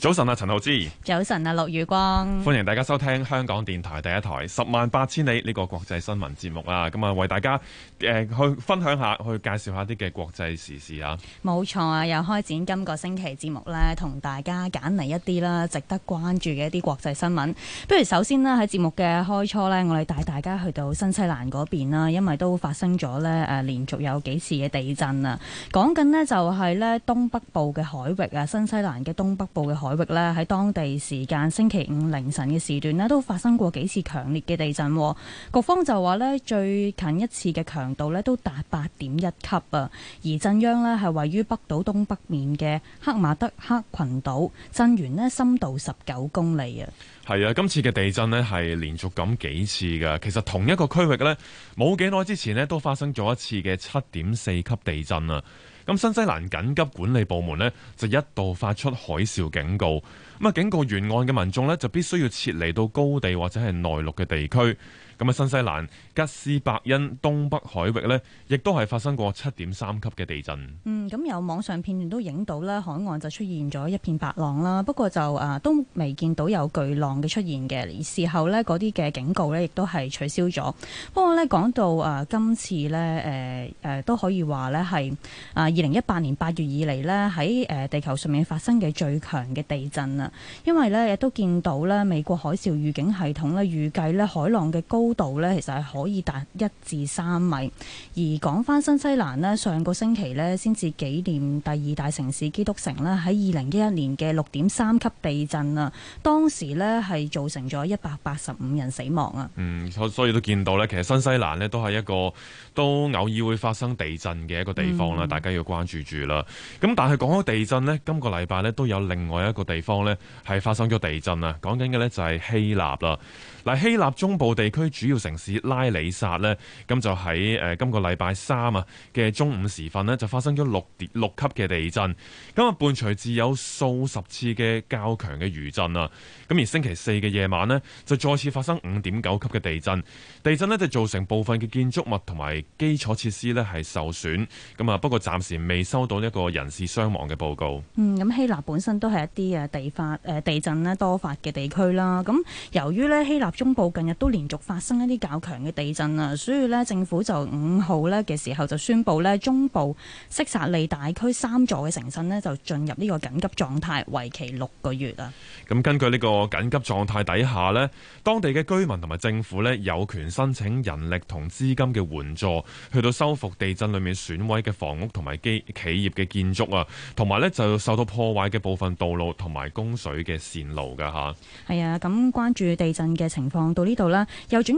早晨啊，陳浩之！早晨啊，陸宇光！歡迎大家收聽香港電台第一台《十萬八千里》呢個國際新聞節目啦！咁啊，為大家誒、呃、去分享一下，去介紹下啲嘅國際時事啊！冇錯啊，又開展今個星期節目咧，同大家揀嚟,一啲啦，值得關注嘅一啲國際新聞。不如首先啦，喺節目嘅開初咧，我哋帶大家去到新西蘭嗰邊啦，因為都發生咗咧誒，連續有幾次嘅地震啊！講緊咧就係咧東北部嘅海域啊，新西蘭嘅東北部嘅海域。海域咧喺當地時間星期五凌晨嘅時段咧，都發生過幾次強烈嘅地震。局方就話咧，最近一次嘅強度咧都達八點一級啊。而震央咧係位於北島東北面嘅克馬德克群島，震源咧深度十九公里啊。係啊，今次嘅地震咧係連續咁幾次㗎，其實同一個區域咧冇幾耐之前咧都發生咗一次嘅七點四級地震啊。咁新西蘭緊急管理部門呢，就一度發出海嘯警告，咁啊警告沿岸嘅民眾呢，就必須要撤離到高地或者係內陸嘅地區。咁啊，新西蘭吉斯伯恩東北海域咧，亦都係發生過七點三級嘅地震。嗯，咁有網上片段都影到咧，海岸就出現咗一片白浪啦。不過就啊都未見到有巨浪嘅出現嘅。而事後咧，嗰啲嘅警告咧，亦都係取消咗。不過咧，講到啊今次咧，誒誒都可以話咧係啊，二零一八年八月以嚟咧喺誒地球上面發生嘅最強嘅地震啊，因為咧亦都見到咧美國海嘯預警系統咧預計咧海浪嘅高高度呢，其實係可以達一至三米。而講翻新西蘭呢，上個星期呢，先至紀念第二大城市基督城啦。喺二零一一年嘅六點三級地震啊，當時呢係造成咗一百八十五人死亡啊。嗯，所以都見到呢，其實新西蘭呢都係一個都偶爾會發生地震嘅一個地方啦，嗯，大家要關注住啦。咁但係講到地震呢，今個禮拜呢都有另外一個地方呢係發生咗地震啊。講緊嘅呢就係希臘啦。嗱，希臘中部地區，主要城市拉里薩呢，咁就喺誒今個禮拜三啊嘅中午時分呢，就發生咗六點六級嘅地震，咁啊伴隨至有數十次嘅較強嘅餘震啊，咁而星期四嘅夜晚呢，就再次發生五點九級嘅地震，地震呢，就造成部分嘅建築物同埋基礎設施呢係受損，咁啊不過暫時未收到一個人事傷亡嘅報告。嗯，咁希臘本身都係一啲誒地發誒地震咧多發嘅地區啦，咁由於呢，希臘中部近日都連續發生生一啲較強嘅地震啊，所以咧政府就五號咧嘅時候就宣布咧中部色薩利大區三座嘅城鎮咧就進入呢個緊急狀態為期六個月啊。咁根據呢個緊急狀態底下咧，當地嘅居民同埋政府咧有權申請人力同資金嘅援助，去到修復地震裏面損毀嘅房屋同埋機企業嘅建築啊，同埋咧就受到破壞嘅部分道路同埋供水嘅線路噶吓，係啊，咁關注地震嘅情況到呢度啦，又轉。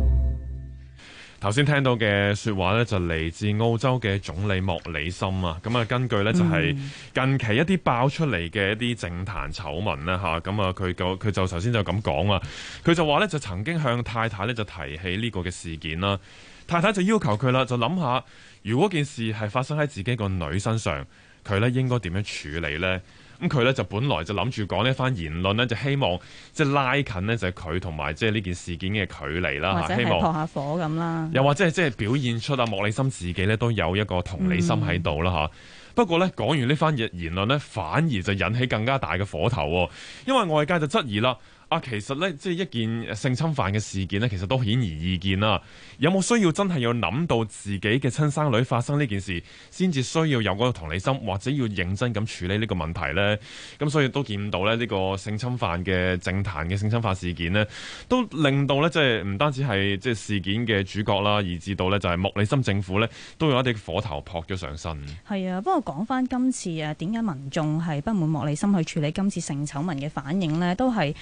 頭先聽到嘅説話呢，就嚟自澳洲嘅總理莫里森啊。咁啊，根據呢，就係近期一啲爆出嚟嘅一啲政壇醜聞啦吓。咁啊，佢就佢就頭先就咁講啊。佢就話呢，就曾經向太太呢，就提起呢個嘅事件啦。太太就要求佢啦，就諗下如果件事係發生喺自己個女身上，佢呢應該點樣處理呢？咁佢咧就本來就諗住講呢番言論咧，就希望即係拉近呢就係佢同埋即係呢件事件嘅距離啦，希望下火咁啦，又或者係即係表現出啊莫里森自己咧都有一個同理心喺度啦吓。不過咧講完呢番言論咧，反而就引起更加大嘅火頭，因為外界就質疑啦。啊，其實呢，即係一件性侵犯嘅事件呢，其實都顯而易見啦。有冇需要真係要諗到自己嘅親生女發生呢件事，先至需要有嗰個同理心，或者要認真咁處理呢個問題呢？咁所以都見到呢，呢、這個性侵犯嘅政壇嘅性侵犯事件呢，都令到呢，即係唔單止係即係事件嘅主角啦，而至到呢，就係、是、莫里森政府呢，都有一啲火頭撲咗上身。係啊，不過講翻今次啊，點解民眾係不滿莫里森去處理今次性醜聞嘅反應呢？都係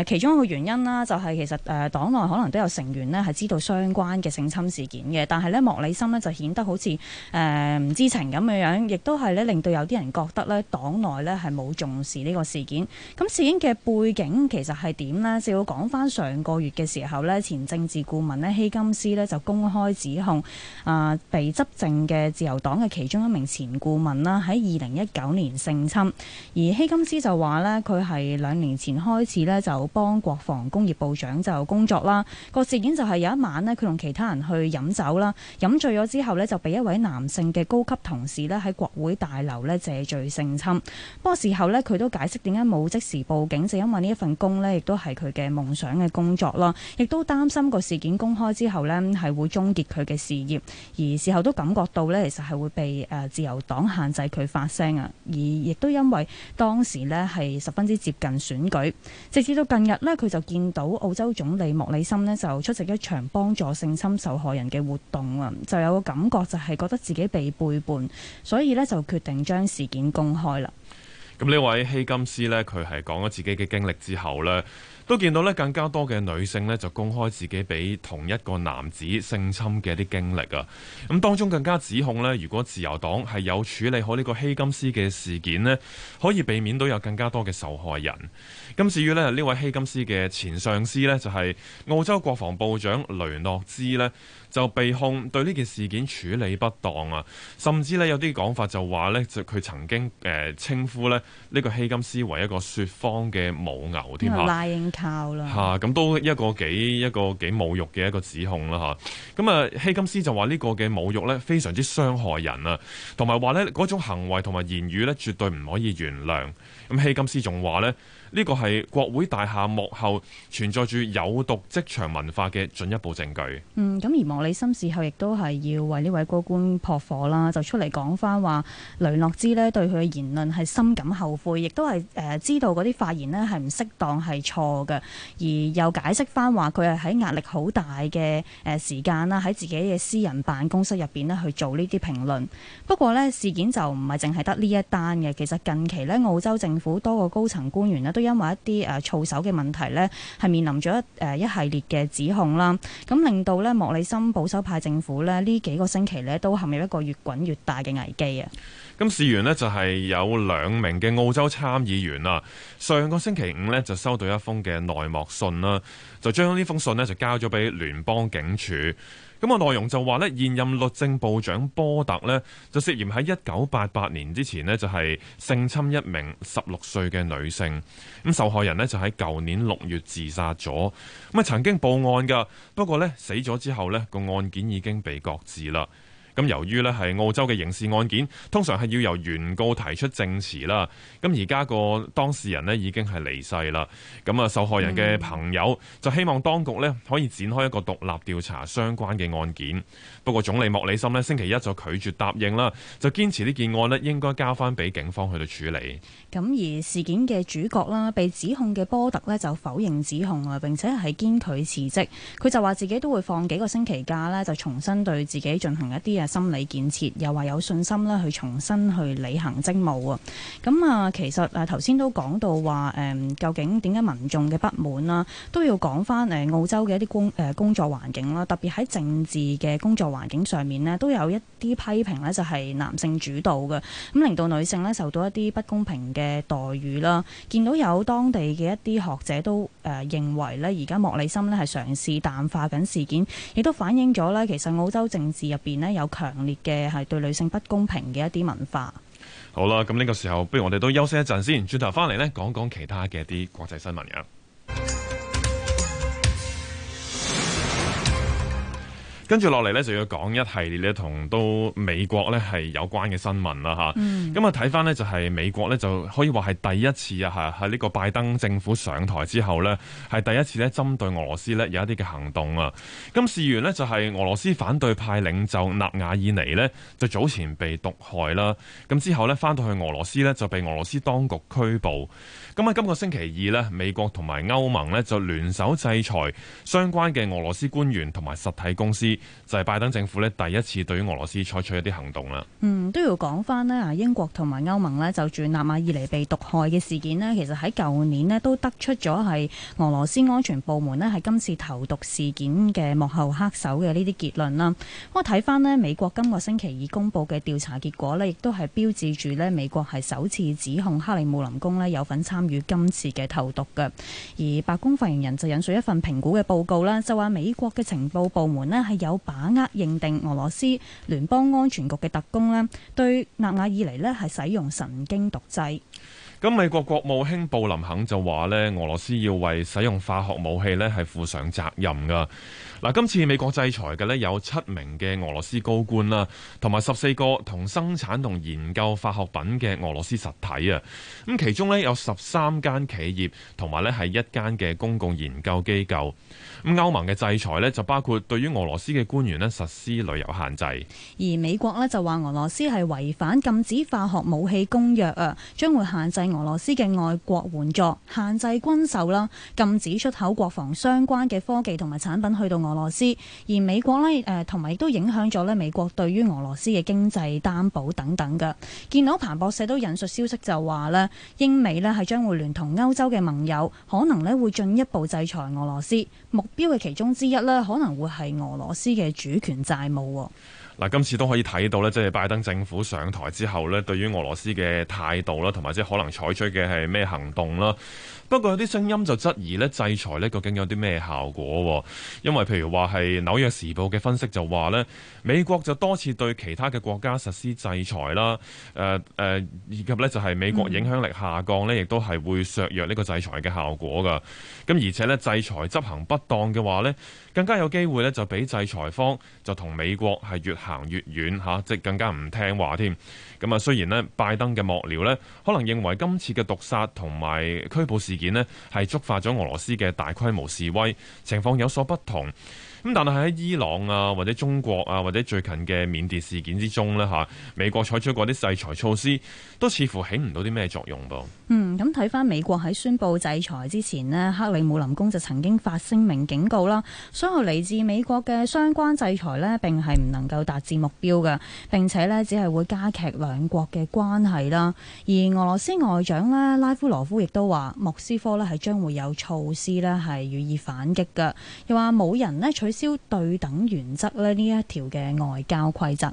誒其中一個原因啦，就係其實誒黨內可能都有成員咧係知道相關嘅性侵事件嘅，但係咧莫里森咧就顯得好似誒唔知情咁嘅樣，亦都係咧令到有啲人覺得咧黨內咧係冇重視呢個事件。咁事件嘅背景其實係點呢？就要講翻上個月嘅時候咧，前政治顧問咧希金斯咧就公開指控啊被執政嘅自由黨嘅其中一名前顧問啦，喺二零一九年性侵。而希金斯就話呢佢係兩年前開始咧就。就幫國防工業部長就工作啦。個事件就係有一晚呢，佢同其他人去飲酒啦，飲醉咗之後呢就俾一位男性嘅高級同事呢喺國會大樓呢借醉性侵。不過事後呢，佢都解釋點解冇即時報警，就因為呢一份工呢亦都係佢嘅夢想嘅工作咯。亦都擔心個事件公開之後呢係會終結佢嘅事業，而事後都感覺到呢，其實係會被誒自由黨限制佢發聲啊。而亦都因為當時呢係十分之接近選舉，直至到。近日呢，佢就見到澳洲總理莫里森呢就出席一場幫助性侵受害人嘅活動啊，就有個感覺就係覺得自己被背叛，所以呢就決定將事件公開啦。咁呢位希金斯呢，佢係講咗自己嘅經歷之後呢。都見到咧更加多嘅女性呢就公開自己俾同一個男子性侵嘅啲經歷啊！咁當中更加指控呢，如果自由黨係有處理好呢個希金斯嘅事件呢，可以避免到有更加多嘅受害人。咁至於呢呢位希金斯嘅前上司呢，就係澳洲國防部長雷諾茲呢。就被控對呢件事件處理不當啊，甚至咧有啲講法就話咧，就佢曾經誒、呃、稱呼咧呢、呢個希金斯為一個説謊嘅母牛添啊。靠啦嚇，咁、啊、都一個幾一個幾侮辱嘅一個指控啦、啊、嚇。咁啊，希金斯就話呢個嘅侮辱咧非常之傷害人啊，同埋話咧嗰種行為同埋言語咧絕對唔可以原諒。咁希金斯仲話咧。呢個係國會大廈幕後存在住有毒職場文化嘅進一步證據。嗯，咁而莫里森事後亦都係要為呢位高官撲火啦，就出嚟講翻話雷諾茲咧對佢嘅言論係深感後悔，亦都係誒知道嗰啲發言咧係唔適當係錯嘅，而又解釋翻話，佢係喺壓力好大嘅誒時間啦，喺自己嘅私人辦公室入邊咧去做呢啲評論。不過咧事件就唔係淨係得呢一單嘅，其實近期咧澳洲政府多個高層官員咧都因為一啲誒操守嘅問題呢係面臨咗誒一系列嘅指控啦，咁令到呢莫里森保守派政府咧呢幾個星期呢都陷入一個越滾越大嘅危機啊！咁事源呢就係有兩名嘅澳洲參議員啊，上個星期五呢就收到一封嘅內幕信啦，就將呢封信呢就交咗俾聯邦警署。咁啊，內容就話咧，現任律政部長波特呢就涉嫌喺一九八八年之前呢就係性侵一名十六歲嘅女性。咁受害人呢就喺舊年六月自殺咗。咁啊，曾經報案噶，不過呢死咗之後呢個案件已經被擱置啦。咁由於呢係澳洲嘅刑事案件，通常係要由原告提出證詞啦。咁而家個當事人呢已經係離世啦。咁啊，受害人嘅朋友就希望當局呢可以展開一個獨立調查相關嘅案件。不過總理莫里森呢星，星期一就拒絕答應啦，就堅持呢件案呢應該交翻俾警方去到處理。咁而事件嘅主角啦，被指控嘅波特呢就否認指控啊，並且係堅拒辭職。佢就話自己都會放幾個星期假呢，就重新對自己進行一啲啊。心理建設又話有信心咧去重新去履行職務啊！咁啊，其實啊頭先都講到話誒，究竟點解民眾嘅不滿啦，都要講翻誒澳洲嘅一啲工誒工作環境啦，特別喺政治嘅工作環境上面呢，都有一啲批評呢，就係男性主導嘅，咁令到女性咧受到一啲不公平嘅待遇啦。見到有當地嘅一啲學者都誒認為呢，而家莫里森呢係嘗試淡化緊事件，亦都反映咗呢，其實澳洲政治入邊呢有強烈嘅係對女性不公平嘅一啲文化。好啦，咁呢個時候，不如我哋都休息一陣先，轉頭翻嚟呢，講講其他嘅一啲國際新聞啊。跟住落嚟咧，就要講一系列咧同都美國咧係有關嘅新聞啦吓。嗯。咁啊睇翻咧就係美國咧就可以話係第一次啊吓，喺呢個拜登政府上台之後咧，係第一次咧針對俄羅斯咧有一啲嘅行動啊。咁事緣咧就係俄羅斯反對派領袖納瓦爾尼咧，就早前被毒害啦。咁之後咧翻到去俄羅斯咧就被俄羅斯當局拘捕。咁啊，今個星期二咧，美國同埋歐盟咧就聯手制裁相關嘅俄羅斯官員同埋實體公司。就係、是、拜登政府咧，第一次對於俄羅斯採取一啲行動啦。嗯，都要講翻咧，啊英國同埋歐盟咧，就住納瓦爾尼被毒害嘅事件咧，其實喺舊年咧都得出咗係俄羅斯安全部門咧係今次投毒事件嘅幕後黑手嘅呢啲結論啦。我睇翻咧美國今個星期二公佈嘅調查結果咧，亦都係標誌住咧美國係首次指控克里姆林宮咧有份參與今次嘅投毒嘅。而白宮發言人就引述一份評估嘅報告啦，就話美國嘅情報部門咧係有有把握認定俄羅斯聯邦安全局嘅特工咧，對納瓦爾尼咧係使用神經毒劑。咁美國國務卿布林肯就話呢，俄羅斯要為使用化學武器咧係負上責任噶。嗱，今次美國制裁嘅咧有七名嘅俄羅斯高官啦，同埋十四個同生產同研究化學品嘅俄羅斯實體啊。咁其中咧有十三間企業，同埋咧係一間嘅公共研究機構。咁歐盟嘅制裁咧就包括對於俄羅斯嘅官員咧實施旅遊限制，而美國咧就話俄羅斯係違反禁止化學武器公約啊，將會限制。俄羅斯嘅外國援助、限制軍售啦、禁止出口國防相關嘅科技同埋產品去到俄羅斯，而美國呢誒，同埋亦都影響咗咧美國對於俄羅斯嘅經濟擔保等等嘅。見到彭博社都引述消息就話呢，英美呢係將會聯同歐洲嘅盟友，可能呢會進一步制裁俄羅斯，目標嘅其中之一呢可能會係俄羅斯嘅主權債務。嗱，今次都可以睇到咧，即係拜登政府上台之後咧，對於俄羅斯嘅態度啦，同埋即係可能採取嘅係咩行動啦。不過有啲聲音就質疑咧，制裁咧究竟有啲咩效果？因為譬如話係紐約時報嘅分析就話咧，美國就多次對其他嘅國家實施制裁啦。誒誒，以及咧就係美國影響力下降咧，亦都係會削弱呢個制裁嘅效果㗎。咁而且咧，制裁執行不當嘅話咧，更加有機會咧就俾制裁方就同美國係越行越遠吓，即更加唔聽話添。咁啊，雖然呢拜登嘅幕僚呢可能認為今次嘅毒殺同埋拘捕事件呢係觸發咗俄羅斯嘅大規模示威，情況有所不同。咁但係喺伊朗啊或者中國啊或者最近嘅緬甸事件之中咧吓，美國採取過啲制裁措施，都似乎起唔到啲咩作用噃。嗯，咁睇翻美國喺宣布制裁之前咧，克里姆林宮就曾經發聲明警告啦，所有嚟自美國嘅相關制裁咧並係唔能夠達至目標嘅，並且咧只係會加劇兩國嘅關係啦。而俄羅斯外長咧拉夫羅夫亦都話，莫斯科咧係將會有措施咧係予以反擊嘅，又話冇人咧取，照對等原則呢，呢一條嘅外交規則。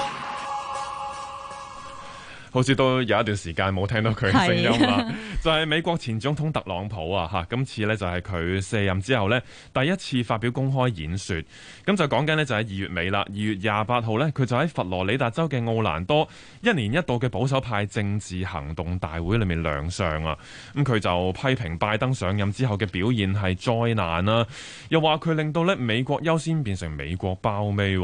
好似都有一段時間冇聽到佢嘅聲音啦，就係美國前總統特朗普啊，吓今次咧，就係佢卸任之後咧，第一次發表公開演說，咁就講緊咧，就喺二月尾啦，二月廿八號咧佢就喺佛羅里達州嘅奧蘭多一年一度嘅保守派政治行動大會裏面亮相啊，咁佢就批評拜登上任之後嘅表現係災難啦，啊，又話佢令到咧美國優先變成美國包尾，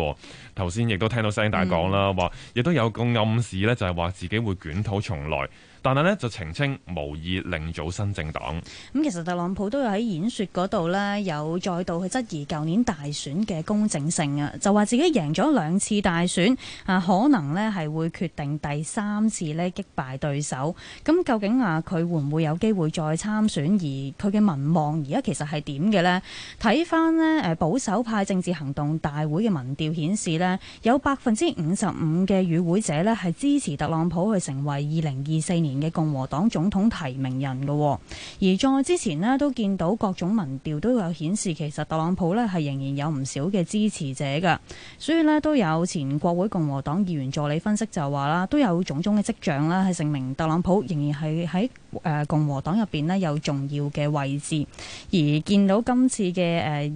頭先亦都聽到聲大講啦，話亦都有個暗示咧，就係話自己，會捲土重來。但係呢，就澄清，無意另組新政黨。咁其實特朗普都有喺演說嗰度呢，有再度去質疑舊年大選嘅公正性啊，就話自己贏咗兩次大選，啊可能呢係會決定第三次咧擊敗對手。咁究竟啊佢會唔會有機會再參選？而佢嘅民望而家其實係點嘅呢？睇翻呢，誒保守派政治行動大會嘅民調顯示，呢有百分之五十五嘅與會者呢係支持特朗普去成為二零二四年。嘅共和黨總統提名人嘅，而在之前呢都見到各種民調都有顯示，其實特朗普呢係仍然有唔少嘅支持者噶，所以呢都有前國會共和黨議員助理分析就話啦，都有種種嘅跡象啦，係證明特朗普仍然係喺。誒共和黨入邊咧有重要嘅位置，而見到今次嘅誒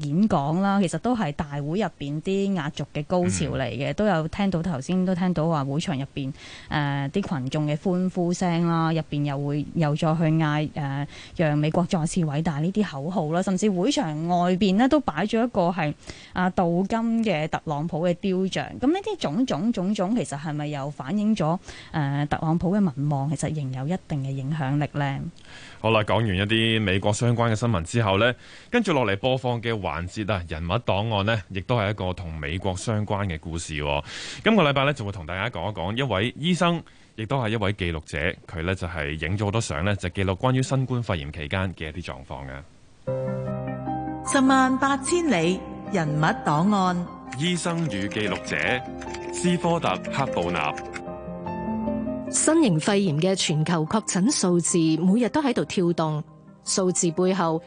演講啦，其實都係大會入邊啲壓軸嘅高潮嚟嘅，mm -hmm. 都有聽到頭先都聽到話會場入邊誒啲群眾嘅歡呼聲啦，入邊又會又再去嗌誒、呃、讓美國再次偉大呢啲口號啦，甚至會場外邊咧都擺咗一個係啊鍍金嘅特朗普嘅雕像，咁呢啲種種種種其實係咪又反映咗誒、呃、特朗普嘅民望其實仍有一定嘅影響力？咧好啦，講完一啲美國相關嘅新聞之後呢，跟住落嚟播放嘅環節啊，人物檔案呢，亦都係一個同美國相關嘅故事。今個禮拜呢，就會同大家講一講一,一位醫生，亦都係一位記錄者，佢呢，就係影咗好多相呢就記錄關於新冠肺炎期間嘅一啲狀況嘅。十萬八千里人物檔案，醫生與記錄者斯科特·克布納。新型肺炎嘅全球確診數字每日都喺度跳動，數字背後，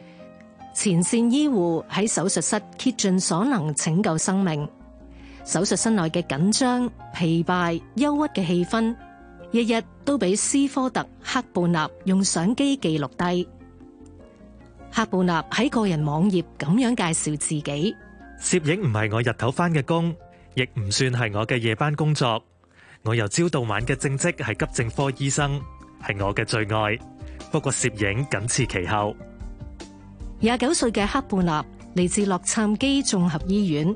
前線醫護喺手術室竭盡所能拯救生命，手術室內嘅緊張、疲憊、憂鬱嘅氣氛，日日都俾斯科特·克布納用相機記錄低。克布納喺個人網頁咁樣介紹自己：攝影唔係我日頭翻嘅工，亦唔算係我嘅夜班工作。我由朝到晚嘅正職係急症科醫生，係我嘅最愛。不過攝影僅次其後。廿九歲嘅克布納嚟自洛杉磯綜合醫院。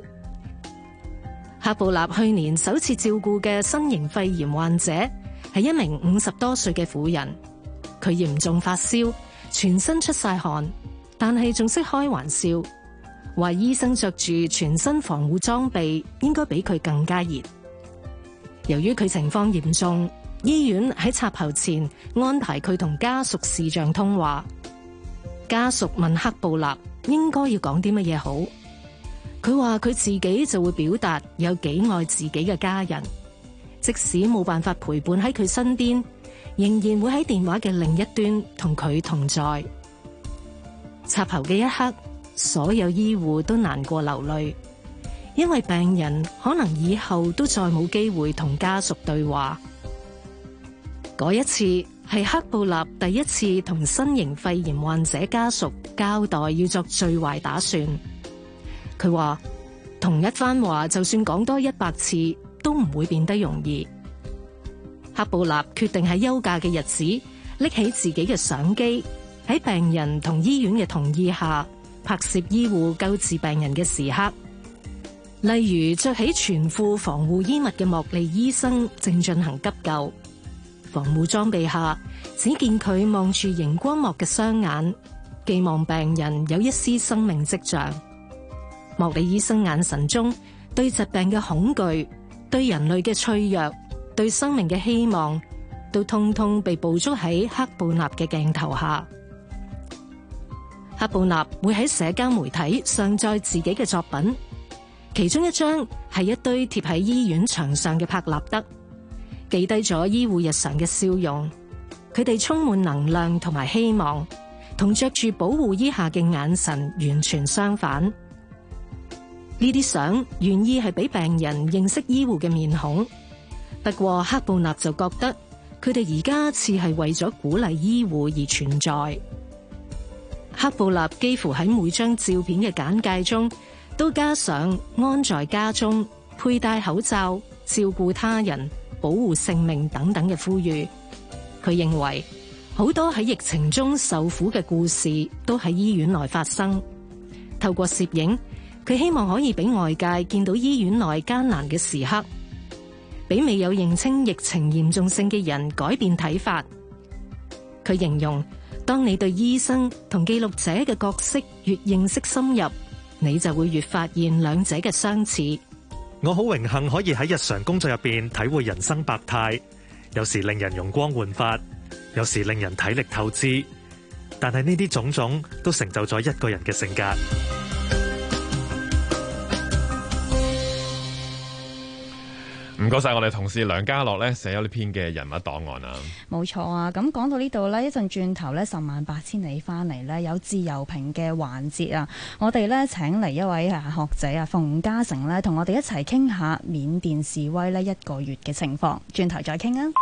克布納去年首次照顧嘅新型肺炎患者係一名五十多歲嘅婦人。佢嚴重發燒，全身出晒汗，但係仲識開玩笑，話醫生着住全身防護裝備應該比佢更加熱。由於佢情況嚴重，醫院喺插喉前安排佢同家屬視像通話。家屬問克布納應該要講啲乜嘢好，佢話佢自己就會表達有幾愛自己嘅家人，即使冇辦法陪伴喺佢身邊，仍然會喺電話嘅另一端同佢同在。插喉嘅一刻，所有醫護都難過流淚。因為病人可能以後都再冇機會同家屬對話，嗰一次係克布納第一次同新型肺炎患者家屬交代，要作最壞打算。佢話同一番話，就算講多一百次都唔會變得容易。克布納決定喺休假嘅日子拎起自己嘅相機，喺病人同醫院嘅同意下拍攝醫護救治病人嘅時刻。例如，着起全副防護衣物嘅莫利醫生正進行急救，防護裝備下，只見佢望住熒光幕嘅雙眼，寄望病人有一絲生命跡象。莫利醫生眼神中，對疾病嘅恐懼、對人類嘅脆弱、對生命嘅希望，都通通被捕捉喺克布納嘅鏡頭下。克布納會喺社交媒體上載自己嘅作品。其中一張係一堆貼喺醫院牆上嘅拍立得，記低咗醫護日常嘅笑容。佢哋充滿能量同埋希望，同着住保護衣下嘅眼神完全相反。呢啲相原意係俾病人認識醫護嘅面孔，不過克布納就覺得佢哋而家似係為咗鼓勵醫護而存在。克布納幾乎喺每張照片嘅簡介中，都加上安在家中、佩戴口罩、照顧他人、保護性命等等嘅呼籲。佢認為，好多喺疫情中受苦嘅故事都喺醫院內發生。透過攝影，佢希望可以俾外界見到醫院內艱難嘅時刻，俾未有認清疫情嚴重性嘅人改變睇法。佢形容，當你對醫生同記錄者嘅角色越認識深入，你就會越發現兩者嘅相似。我好榮幸可以喺日常工作入邊體會人生百態，有時令人容光煥發，有時令人體力透支。但係呢啲種種都成就咗一個人嘅性格。唔該曬，我哋同事梁家樂咧寫咗呢篇嘅人物檔案啊。冇錯啊，咁講到呢度呢，一陣轉頭呢，十萬八千里翻嚟呢，有自由評嘅環節啊，我哋呢，請嚟一位啊學者啊，馮嘉誠呢同我哋一齊傾下緬甸示威呢一個月嘅情況，轉頭再傾啊。